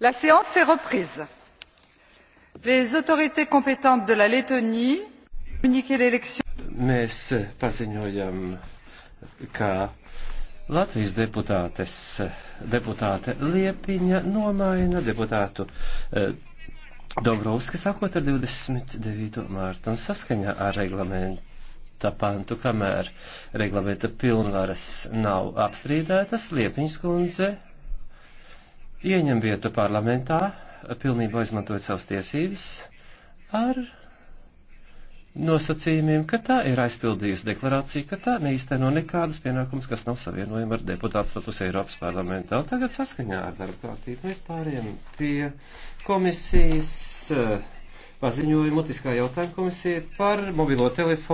la séance est reprise. les autorités compétentes de la lettonie ont communiqué l'élection. mēs paziņojam ka Latvijas deputātes, deputāte Liepiņa nomaina deputātu eh, Dobrovski sākot ar 29. mārtu un saskaņā ar reglamentu tā pantu, kamēr reglamenta pilnvaras nav apstrīdētas, Liepiņas kundze ieņem vietu parlamentā, pilnībā izmantojot savas tiesības, ar nosacījumiem, ka tā ir aizpildījusi deklarāciju, ka tā neīsteno nekādas pienākumas, kas nav savienojama ar deputātu statusu Eiropas parlamentā. Un tagad saskaņā ar darba kārtību mēs pāriem pie komisijas eh, paziņojumu mutiskā jautājuma komisija par mobilo telefonu.